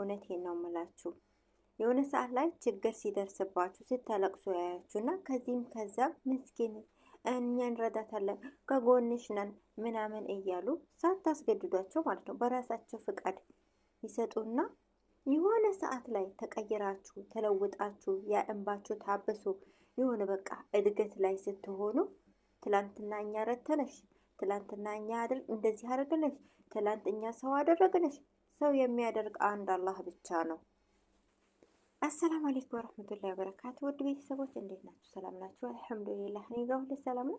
እውነቴን ነው የምላችሁ። የሆነ ሰዓት ላይ ችግር ሲደርስባችሁ ያያችሁ እና ከዚህም ከዛ ምስኪን እኛ እንረዳታለን ከጎንሽ ነን ምናምን እያሉ ሳታስገድዷቸው ማለት ነው በራሳቸው ፍቃድ ይሰጡና የሆነ ሰዓት ላይ ተቀይራችሁ ተለውጣችሁ ያእንባችሁ ታብሶ የሆነ በቃ እድገት ላይ ስትሆኑ ትላንትና እኛ ረተነሽ፣ ትላንትና እኛ እንደዚህ አደረግነሽ፣ ትላንት እኛ ሰው አደረግነሽ ሰው የሚያደርግ አንድ አላህ ብቻ ነው። አሰላሙ አለይኩም ወረህመቱላሂ ወበረካቱ። ውድ ቤተሰቦች እንዴት ናችሁ? ሰላም ናችሁ? አልሐምዱሊላህ እኔ ጋር ሁሉ ሰላም ነው።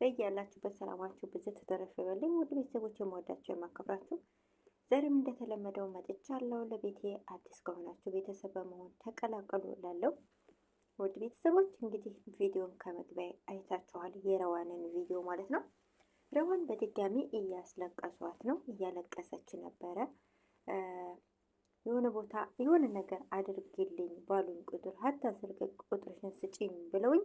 በያላችሁበት ሰላማችሁ ብዙ ተተረፈ ይበልኝ። ውድ ቤተሰቦች የምወዳችሁ የማከብራችሁ፣ ዛሬም እንደተለመደው መጥቻለሁ። ለቤቴ አዲስ ከሆናችሁ ቤተሰብ በመሆን ተቀላቀሉ እላለሁ። ውድ ቤተሰቦች እንግዲህ ቪዲዮን ከመግቢያ አይታችኋል፣ የረዋንን ቪዲዮ ማለት ነው። ረዋን በድጋሚ እያስለቀሷት ነው፣ እያለቀሰች ነበረ የሆነ ቦታ የሆነ ነገር አድርጌልኝ ባሉኝ ቁጥር ሀታ ስልክ ቁጥርሽን ስጪኝ ብለውኝ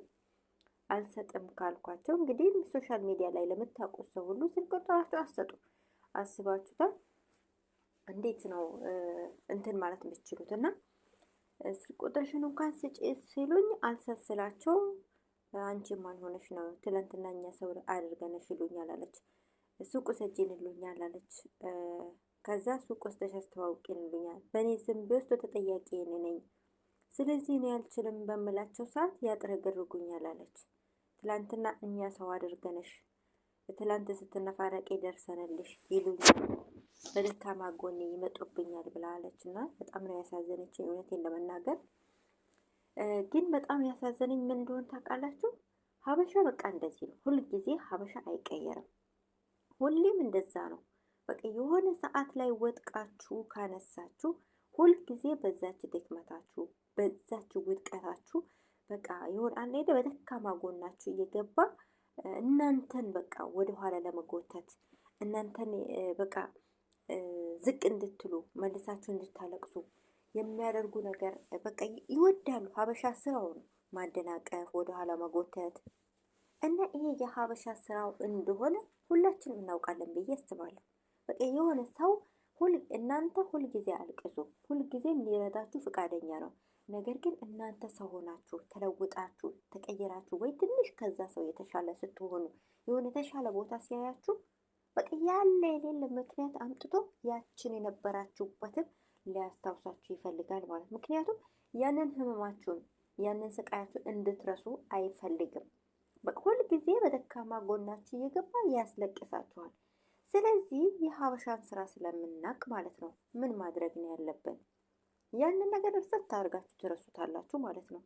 አልሰጥም ካልኳቸው እንግዲህ ሶሻል ሚዲያ ላይ ለምታውቁት ሰው ሁሉ ስልክ ቁጥራቸው አሰጡ። አስባችሁታል? እንዴት ነው እንትን ማለት የምትችሉት? እና ስልክ ቁጥርሽን እንኳን ስጪ ሲሉኝ አልሰስላቸው አንቺ ማን ሆነሽ ነው ትላንትና እኛ ሰው አድርገንሽ ይሉኛል አለች። ሱቁ ሰጂን ይሉኛል አለች። ከዛ ሱቅ ወስደሽ አስተዋውቂን ይሉኛል። በእኔ ስም ቢወስዶ ተጠያቂ እኔ ነኝ። ስለዚህ እኔ አልችልም በምላቸው ሰዓት ያጥረገርጉኛል አለች። ትላንትና እኛ ሰው አድርገንሽ ትላንት ስትነፋረቅ ደርሰንልሽ ይሉኛል፣ በደካማ ጎኔ ይመጡብኛል ብላ አለች እና በጣም ነው ያሳዘነችኝ። እውነቴን ለመናገር ግን በጣም ያሳዘነኝ ምን እንደሆን ታውቃላችሁ? ሀበሻ በቃ እንደዚህ ነው። ሁልጊዜ ሀበሻ አይቀየርም። ሁሌም እንደዛ ነው። በቃ የሆነ ሰዓት ላይ ወጥቃችሁ ካነሳችሁ ሁልጊዜ በዛች ደክመታችሁ በዛች ውድቀታችሁ በቃ የሆነ አንድ በደካማ ጎናችሁ እየገባ እናንተን በቃ ወደኋላ ለመጎተት እናንተን በቃ ዝቅ እንድትሉ መልሳችሁ እንድታለቅሱ የሚያደርጉ ነገር በቃ ይወዳሉ። ሀበሻ ስራውን ማደናቀፍ፣ ወደኋላ መጎተት እና ይሄ የሀበሻ ስራው እንደሆነ ሁላችንም እናውቃለን ብዬ አስባለሁ። በቃ የሆነ ሰው ሁል እናንተ ሁልጊዜ አልቅሱ፣ ሁልጊዜም ሊረዳችሁ ፈቃደኛ ነው። ነገር ግን እናንተ ሰው ሆናችሁ ተለውጣችሁ ተቀየራችሁ ወይ ትንሽ ከዛ ሰው የተሻለ ስትሆኑ የሆነ የተሻለ ቦታ ሲያያችሁ በቃ ያለ የሌለ ምክንያት አምጥቶ ያችን የነበራችሁበትን ሊያስታውሳችሁ ይፈልጋል ማለት ምክንያቱም ያንን ህመማችሁን ያንን ስቃያችሁን እንድትረሱ አይፈልግም። በቃ ሁልጊዜ በደካማ ጎናችሁ እየገባ ያስለቅሳችኋል። ስለዚህ የሀበሻን ስራ ስለምናቅ ማለት ነው ምን ማድረግ ነው ያለብን? ያንን ነገር እርሰት ታደርጋችሁ ትረሱታላችሁ ማለት ነው።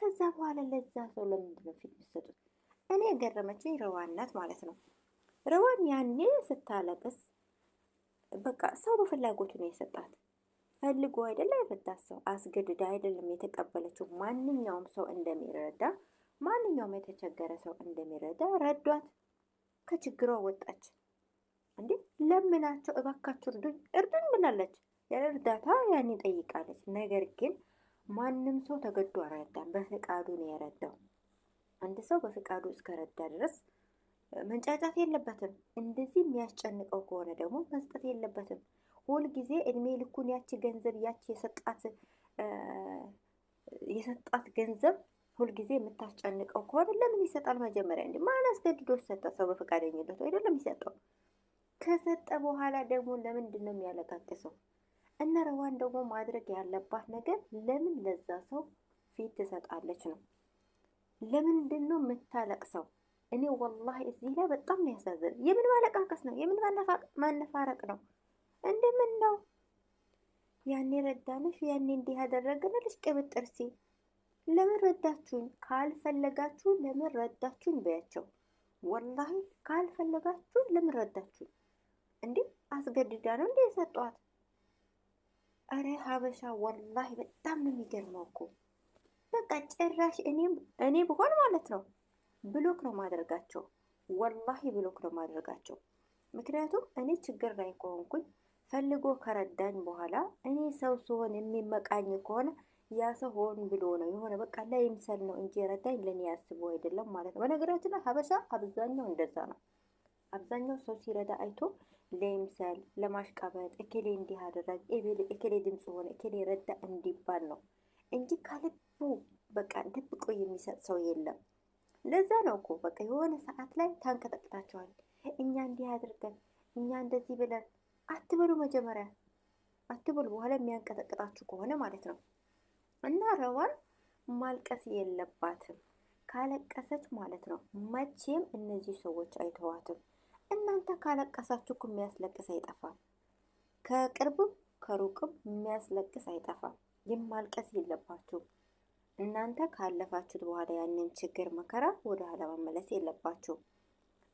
ከዛ በኋላ ለዛ ሰው ለምንድን ነው ፊት የምትሰጡት? እኔ የገረመችኝ ረዋን ናት ማለት ነው። ረዋን ያኔ ስታለቅስ በቃ ሰው በፍላጎቱ ነው የሰጣት ፈልጎ አይደለም የፈታት ሰው አስገድዳ አይደለም የተቀበለችው። ማንኛውም ሰው እንደሚረዳ ማንኛውም የተቸገረ ሰው እንደሚረዳ ረዷት፣ ከችግሯ ወጣች። እንዴ ለምናቸው እባካችሁ እርዱኝ እርዱኝ ብላለች። ያለ እርዳታ ያኔ ጠይቃለች። ነገር ግን ማንም ሰው ተገዶ አልረዳም። በፍቃዱ ነው የረዳው። አንድ ሰው በፍቃዱ እስከረዳ ድረስ መንጫጫት የለበትም። እንደዚህ የሚያስጨንቀው ከሆነ ደግሞ መስጠት የለበትም። ሁልጊዜ እድሜ ልኩን ያቺ ገንዘብ ያቺ የሰጣት የሰጣት ገንዘብ ሁልጊዜ የምታስጨንቀው ከሆነ ለምን ይሰጣል? መጀመሪያ እንዲ ማን አስገድዶ ሰጠ? ሰው በፈቃደኝነት አይደለም ይሰጠው። ከሰጠ በኋላ ደግሞ ለምንድን ነው የሚያለቃቅሰው? እነ ረዋን ደግሞ ማድረግ ያለባት ነገር ለምን ለዛ ሰው ፊት ትሰጣለች ነው። ለምንድን ነው የምታለቅሰው? እኔ ወላሂ እዚህ ላይ በጣም ነው ያሳዝን። የምን ማለቃቀስ ነው? የምን ማነፋረቅ ነው? እንደምን ነው ያኔ ረዳንሽ፣ ያኔ እንዲህ ያደረግንልሽ ቅብጥርሲ፣ ለምን ረዳችሁኝ? ካልፈለጋችሁ ለምን ረዳችሁኝ በያቸው። ወላሂ ካልፈለጋችሁ ለምን ረዳችሁኝ? እንዴ አስገድዳ ነው እንዴ የሰጧት? አረ ሀበሻ ወላሂ በጣም ነው የሚገርመው እኮ በቃ ጭራሽ እኔ ብሆን ማለት ነው ብሎክ ነው ማደርጋቸው። ወላሂ ብሎክ ነው ማደርጋቸው። ምክንያቱም እኔ ችግር ላይ ከሆንኩኝ ፈልጎ ከረዳኝ በኋላ እኔ ሰው ስሆን የሚመቃኝ ከሆነ ያ ሰው ሆን ብሎ ነው የሆነ በቃ ላይ ምሰል ነው እንጂ የረዳኝ ለእኔ ያስቦ አይደለም ማለት ነው። በነገራችን ላይ ሀበሻ አብዛኛው እንደዛ ነው። አብዛኛው ሰው ሲረዳ አይቶ ለይምሰል ለማሽቃበጥ እኬሌ እንዲህ አደረግ እኬሌ ድምፅ ሆነ እኬሌ ረዳ እንዲባል ነው እንጂ ከልቡ በቃ ደብቆ የሚሰጥ ሰው የለም። ለዛ ነው እኮ በቃ የሆነ ሰዓት ላይ ታንቀጠቅጣቸዋል። እኛ እንዲህ አድርገን እኛ እንደዚህ ብለን አትበሉ፣ መጀመሪያ አትበሉ፣ በኋላ የሚያንቀጠቅጣችሁ ከሆነ ማለት ነው። እና ረዋን ማልቀስ የለባትም ካለቀሰች ማለት ነው መቼም እነዚህ ሰዎች አይተዋትም። እናንተ ካለቀሳችሁ እኮ የሚያስለቅስ አይጠፋም። ከቅርብም ከሩቅም የሚያስለቅስ አይጠፋም። የማልቀስ የለባችሁም እናንተ ካለፋችሁት በኋላ ያንን ችግር መከራ ወደ ኋላ መመለስ የለባችሁ።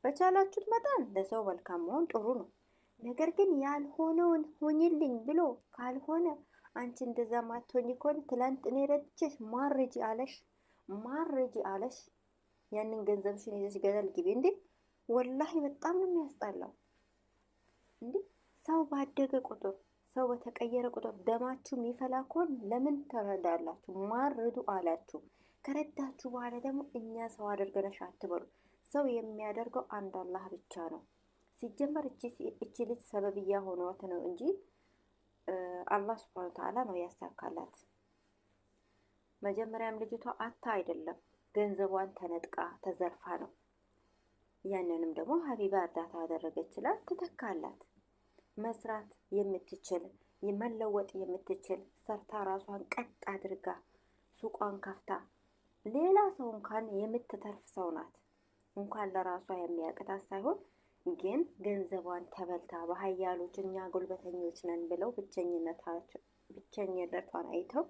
በቻላችሁት መጠን ለሰው መልካም መሆን ጥሩ ነው። ነገር ግን ያልሆነውን ሆኝልኝ ብሎ ካልሆነ አንቺ እንደዛ ማትሆኝ ከሆነ ትላንት እኔ ረድቼሽ ማረጂ አለሽ ማረጂ አለሽ ያንን ገንዘብሽን ይዘሽ ገደል ግቢ እንዴ ወላሂ በጣም ነው የሚያስጠላው። እንዲህ ሰው ባደገ ቁጥር ሰው በተቀየረ ቁጥር ደማችሁ የሚፈላ ከሆን ለምን ትረዳላችሁ ማርዱ አላችሁ። ከረዳችሁ በኋላ ደግሞ እኛ ሰው አድርገነሽ አትበሉ። ሰው የሚያደርገው አንድ አላህ ብቻ ነው። ሲጀመር እቺ ልጅ ሰበብ ሆኗት ነው እንጂ አላህ ስብሃነ ተዓላ ነው ያሳካላት። መጀመሪያም ልጅቷ አታ አይደለም ገንዘቧን ተነጥቃ ተዘርፋ ነው ያንንም ደግሞ ሀቢባ እርዳታ ያደረገችላት ትተካላት። መስራት የምትችል መለወጥ የምትችል ሰርታ ራሷን ቀጥ አድርጋ ሱቋን ከፍታ ሌላ ሰው እንኳን የምትተርፍ ሰው ናት። እንኳን ለራሷ የሚያቅታት ሳይሆን ግን ገንዘቧን ተበልታ በሀያሎች እኛ ጉልበተኞች ነን ብለው ብቸኝነቷን አይተው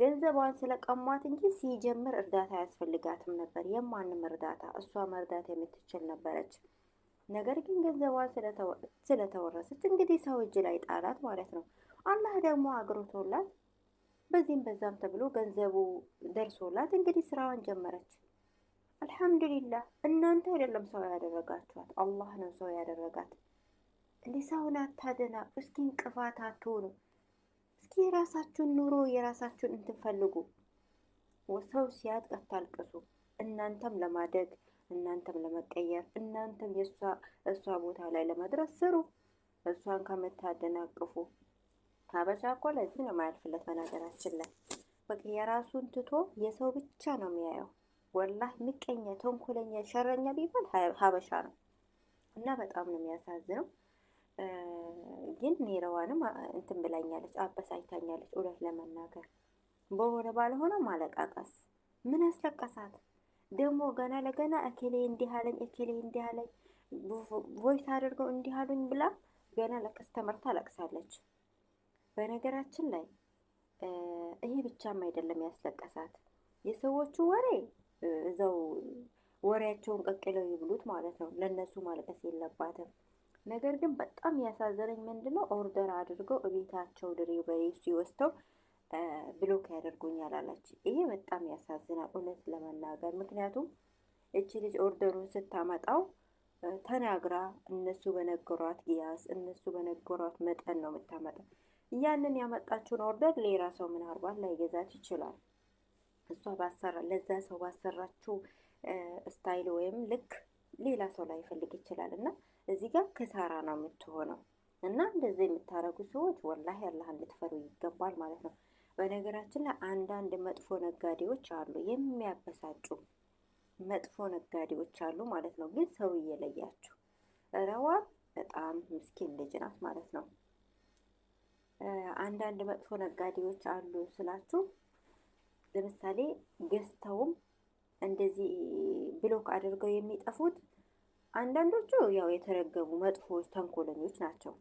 ገንዘቧን ስለቀሟት እንጂ ሲጀምር እርዳታ አያስፈልጋትም ነበር። የማንም እርዳታ እሷ መርዳት የምትችል ነበረች። ነገር ግን ገንዘቧን ስለተወረሰች እንግዲህ ሰው እጅ ላይ ጣላት ማለት ነው። አላህ ደግሞ አግሮቶላት በዚህም በዛም ተብሎ ገንዘቡ ደርሶላት እንግዲህ ስራዋን ጀመረች። አልሐምዱሊላህ። እናንተ አይደለም ሰው ያደረጋችኋት፣ አላህ ነው ሰው ያደረጋት። እንዲህ ሰውን አታደናቁ፣ እስኪ እንቅፋት አትሆኑ። እስኪ የራሳችሁን ኑሮ የራሳችሁን ፈልጉ ሰው ሲያድግ አታልቅሱ። እናንተም ለማደግ እናንተም ለመቀየር እናንተም እሷ ቦታ ላይ ለመድረስ ስሩ። እሷን ከምታደናቅፉ ሀበሻ እኮ ለዚህ ነው የማያልፍለት። በነገራችን ላይ በቃ የራሱን ትቶ የሰው ብቻ ነው የሚያየው። ወላህ ምቀኛ፣ ተንኮለኛ፣ ሸረኛ ቢባል ሀበሻ ነው እና በጣም ነው የሚያሳዝነው። ግን ኔረዋንም እንትን ብላኛለች፣ አበሳጭታኛለች። እውነት ለመናገር በሆነ ባልሆነ ማለቃቀስ ምን አስለቀሳት ደግሞ? ገና ለገና እኬሌ እንዲህ አለኝ፣ እኬሌ እንዲህ አለኝ፣ ቮይስ አድርገው እንዲህ አሉኝ ብላ ገና ለከስተመር ታለቅሳለች። በነገራችን ላይ ይሄ ብቻም አይደለም ያስለቀሳት፣ የሰዎቹ ወሬ እዛው ወሬያቸውን ቀቅለው ይብሉት ማለት ነው። ለእነሱ ማልቀስ የለባትም። ነገር ግን በጣም ያሳዘነኝ ነው ኦርደር አድርገው እቤታቸው ድሪቨሪ ሲወስደው ብሎክ ያደርጉኛል አለች። ይሄ በጣም ያሳዝናል እውነት ለመናገር ምክንያቱም እቺ ልጅ ኦርደሩን ስታመጣው ተናግራ እነሱ በነገሯት ግያዝ እነሱ በነገሯት መጠን ነው የምታመጣው። ያንን ያመጣችውን ኦርደር ሌላ ሰው ምናልባት ላይገዛት ይችላል። እሷ ባሰራ ለዛ ሰው ባሰራችው ስታይል ወይም ልክ ሌላ ሰው ላይፈልግ ይችላል እና እዚህ ጋር ክሳራ ነው የምትሆነው። እና እንደዚህ የምታደርጉ ሰዎች ወላሂ አላህን ልትፈሩ ይገባል ማለት ነው። በነገራችን ላይ አንዳንድ መጥፎ ነጋዴዎች አሉ፣ የሚያበሳጩ መጥፎ ነጋዴዎች አሉ ማለት ነው። ግን ሰው እየለያችሁ ረዋብ በጣም ምስኪን ልጅ ናት ማለት ነው። አንዳንድ መጥፎ ነጋዴዎች አሉ ስላችሁ ለምሳሌ ገዝተውም እንደዚህ ብሎክ አድርገው የሚጠፉት አንዳንዶቹ ያው የተረገሙ መጥፎዎች፣ ተንኮለኞች ናቸው።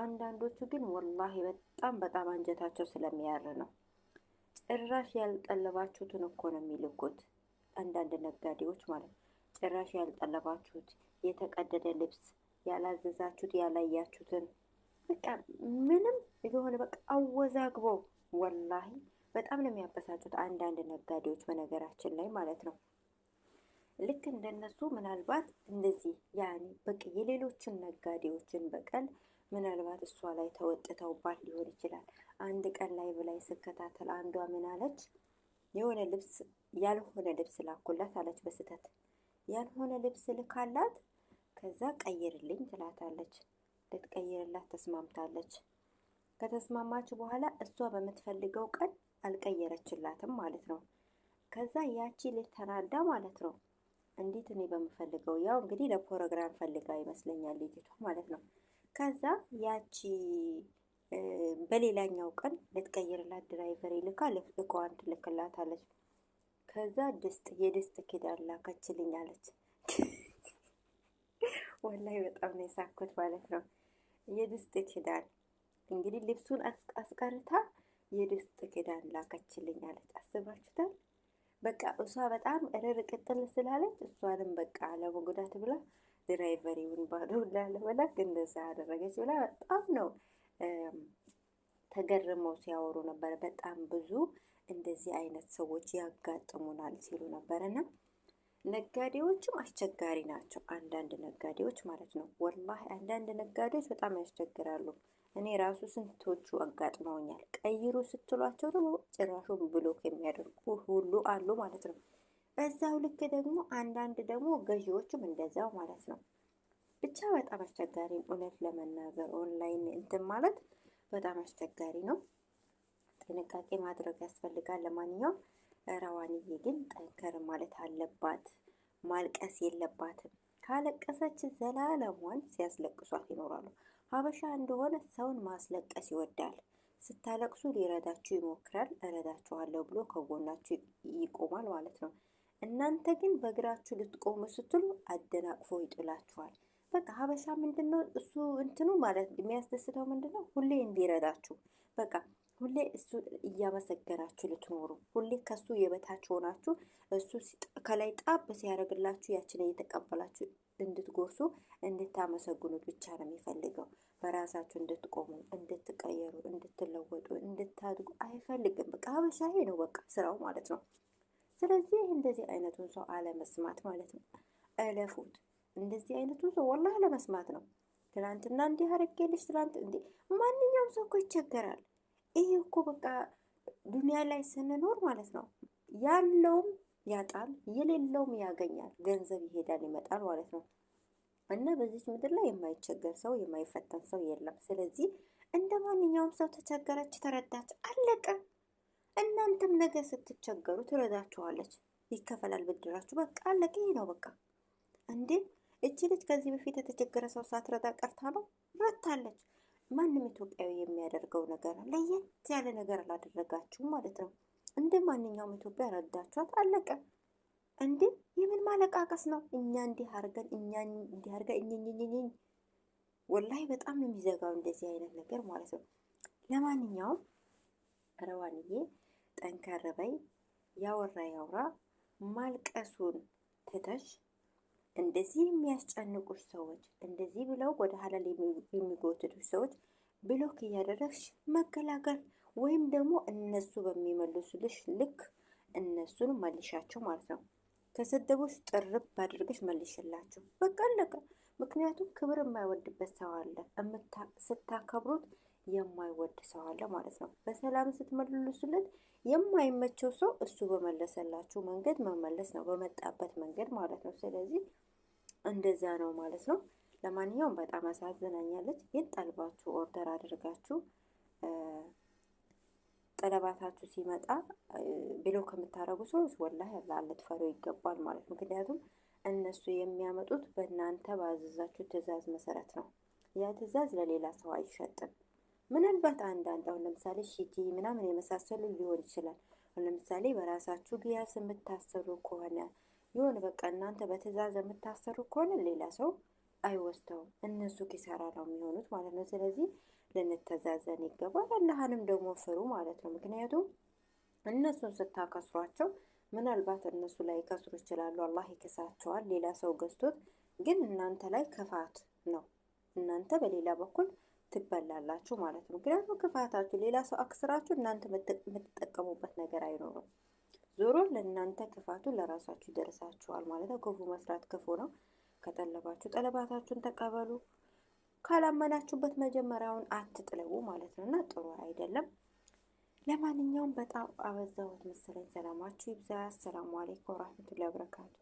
አንዳንዶቹ ግን ወላሂ በጣም በጣም አንጀታቸው ስለሚያር ነው። ጭራሽ ያልጠለባችሁትን እኮ ነው የሚልኩት። አንዳንድ ነጋዴዎች ማለት ጭራሽ ያልጠለባችሁት የተቀደደ ልብስ ያላዘዛችሁት ያላያችሁትን በቃ ምንም የሆነ በቃ አወዛግቦ ወላሂ በጣም ነው የሚያበሳጩት አንዳንድ ነጋዴዎች በነገራችን ላይ ማለት ነው። ልክ እንደነሱ ምናልባት እንደዚህ ያኔ በቃ የሌሎችን ነጋዴዎችን በቀል ምናልባት እሷ ላይ ተወጥተውባት ሊሆን ይችላል። አንድ ቀን ላይ ብላይ ስከታተል አንዷ ምን አለች? የሆነ ልብስ ያልሆነ ልብስ ላኩላት አለች በስተት ያልሆነ ልብስ ልካላት፣ ከዛ ቀይርልኝ ትላታለች። ልትቀይርላት ተስማምታለች። ከተስማማች በኋላ እሷ በምትፈልገው ቀን አልቀየረችላትም ማለት ነው። ከዛ ያቺ ልጅ ተናዳ ማለት ነው እንዴት እኔ በምፈልገው ያው እንግዲህ ለፕሮግራም ፈልጋ ይመስለኛል ልጅቷ ማለት ነው። ከዛ ያቺ በሌላኛው ቀን ልትቀይርላት ድራይቨር ይልካ እቃዋን ትልክላታለች። ከዛ ድስት የድስት ኪዳን ላከችልኝ አለች። ወላይ በጣም ነው የሳኩት ማለት ነው። የድስት ኪዳን እንግዲህ ልብሱን አስቀርታ የድስት ኪዳን ላከችልኝ አለች። አስባችሁታል? በቃ እሷ በጣም እርር ቅጥል ስላለች እሷንም በቃ ለመጉዳት ብላ ድራይቨሪውን ባዶ ላለመላክ እንደዛ ያደረገች ብላ በጣም ነው ተገርመው ሲያወሩ ነበረ። በጣም ብዙ እንደዚህ አይነት ሰዎች ያጋጥሙናል ሲሉ ነበረና ነጋዴዎችም አስቸጋሪ ናቸው። አንዳንድ ነጋዴዎች ማለት ነው። ወላሂ አንዳንድ ነጋዴዎች በጣም ያስቸግራሉ። እኔ ራሱ ስንቶቹ አጋጥመውኛል። ቀይሩ ስትሏቸው ደግሞ ጭራሹ ብሎክ የሚያደርጉ ሁሉ አሉ ማለት ነው። በዛው ልክ ደግሞ አንዳንድ ደግሞ ገዢዎችም እንደዛው ማለት ነው። ብቻ በጣም አስቸጋሪ እውነት ለመናገር ኦንላይን እንትን ማለት በጣም አስቸጋሪ ነው። ጥንቃቄ ማድረግ ያስፈልጋል። ለማንኛውም ረዋንዬ ግን ጠንከር ማለት አለባት። ማልቀስ የለባትም። ካለቀሰች ዘላለሟን ሲያስለቅሷት ይኖራሉ። ሀበሻ እንደሆነ ሰውን ማስለቀስ ይወዳል። ስታለቅሱ ሊረዳችሁ ይሞክራል። እረዳችኋለሁ ብሎ ከጎናችሁ ይቆማል ማለት ነው። እናንተ ግን በእግራችሁ ልትቆሙ ስትሉ አደናቅፎ ይጥላችኋል። በቃ ሀበሻ ምንድን ነው እሱ እንትኑ ማለት የሚያስደስተው ምንድን ነው? ሁሌ እንዲረዳችሁ በቃ ሁሌ እሱ እያመሰገናችሁ ልትኖሩ፣ ሁሌ ከሱ የበታች ሆናችሁ እሱ ከላይ ጣብ ሲያደርግላችሁ ያችን እየተቀበላችሁ እንድትጎርሱ እንድታመሰግኑት ብቻ ነው የሚፈልገው። በራሳችሁ እንድትቆሙ፣ እንድትቀየሩ፣ እንድትለወጡ፣ እንድታድጉ አይፈልግም። በቃ ሀበሻ ይሄ ነው በቃ ስራው ማለት ነው። ስለዚህ እንደዚህ አይነቱን ሰው አለመስማት ማለት ነው። እለፉት። እንደዚህ አይነቱን ሰው ወላ አለመስማት ነው። ትናንትና እንዲህ አረጌልሽ፣ ትናንት እንዲህ ማንኛውም ሰው እኮ ይቸገራል። ይሄ እኮ በቃ ዱኒያ ላይ ስንኖር ማለት ነው ያለውም ያጣል፣ የሌለውም ያገኛል። ገንዘብ ይሄዳል ይመጣል ማለት ነው። እና በዚች ምድር ላይ የማይቸገር ሰው የማይፈተን ሰው የለም። ስለዚህ እንደ ማንኛውም ሰው ተቸገረች፣ ተረዳች፣ አለቀ። እናንተም ነገ ስትቸገሩ ትረዳችኋለች፣ ይከፈላል ብድራችሁ። በቃ አለቀ። ይሄ ነው በቃ። እንዴ እች ልጅ ከዚህ በፊት የተቸገረ ሰው ሳትረዳ ቀርታ ነው? ረታለች። ማንም ኢትዮጵያዊ የሚያደርገው ነገር ለየት ያለ ነገር አላደረጋችሁም ማለት ነው። እንደ ማንኛውም ኢትዮጵያ ረዳችኋት፣ አለቀ። እንዴ የምን ማለቃቀስ ነው? እኛ እንዲህ አርገን እኛ እንዲህ አርገን እኝኝኝኝኝ። ወላይ በጣም ነው የሚዘጋው እንደዚህ አይነት ነገር ማለት ነው። ለማንኛውም ረዋንዬ ጠንከር በይ፣ ያወራ ያውራ። ማልቀሱን ትተሽ እንደዚህ የሚያስጨንቁሽ ሰዎች፣ እንደዚህ ብለው ወደ ሀላል የሚጎትቱሽ ሰዎች ብሎክ እያደረግሽ መገላገል ወይም ደግሞ እነሱ በሚመልሱልሽ ልክ እነሱን መልሻቸው ማለት ነው። ከሰደቦች ጥርብ አድርገሽ መልሽላቸው። በቃ አለቀ። ምክንያቱም ክብር የማይወድበት ሰው አለ፣ ስታከብሩት የማይወድ ሰው አለ ማለት ነው። በሰላም ስትመልሱለት የማይመቸው ሰው እሱ በመለሰላችሁ መንገድ መመለስ ነው፣ በመጣበት መንገድ ማለት ነው። ስለዚህ እንደዛ ነው ማለት ነው። ለማንኛውም በጣም አሳዝናኛለች። የጣልባችሁ ኦርደር አድርጋችሁ ጠለባታችሁ ሲመጣ ብሎ ከምታደረጉ ሰዎች ወላ አላህ ልትፈሩ ይገባል ማለት ምክንያቱም እነሱ የሚያመጡት በእናንተ ባዘዛችሁ ትእዛዝ መሰረት ነው። ያ ትእዛዝ ለሌላ ሰው አይሸጥም። ምናልባት አንዳንድ አሁን ለምሳሌ ሺቲ ምናምን የመሳሰሉ ሊሆን ይችላል። አሁን ለምሳሌ በራሳችሁ ግያስ የምታሰሩ ከሆነ የሆነ በቃ እናንተ በትእዛዝ የምታሰሩ ከሆነ ሌላ ሰው አይወስደውም። እነሱ ኪሳራ ነው የሚሆኑት ማለት ነው። ስለዚህ ልንተዛዘን ይገባል። አላህንም ደግሞ ፍሩ ማለት ነው። ምክንያቱም እነሱን ስታከስሯቸው ምናልባት እነሱ ላይ ከስሩ ይችላሉ፣ አላህ ይክሳቸዋል። ሌላ ሰው ገዝቶት ግን እናንተ ላይ ክፋት ነው። እናንተ በሌላ በኩል ትበላላችሁ ማለት ነው። ምክንያቱም ክፋታችሁ ሌላ ሰው አክስራችሁ እናንተ የምትጠቀሙበት ነገር አይኖርም። ዞሮ ለእናንተ ክፋቱ ለራሳችሁ ይደርሳችኋል ማለት ነው። ክፉ መስራት ክፉ ነው። ከጠለባችሁ ጠለባታችሁን ተቀበሉ። ካላመናችሁበት መጀመሪያውን አትጥለው ማለት ነው እና ጥሩ አይደለም። ለማንኛውም በጣም አበዛሁት መሰለኝ። ሰላማችሁ ይብዛ። አሰላሙ አለይኩም ወራህመቱላሂ ወበረካቱ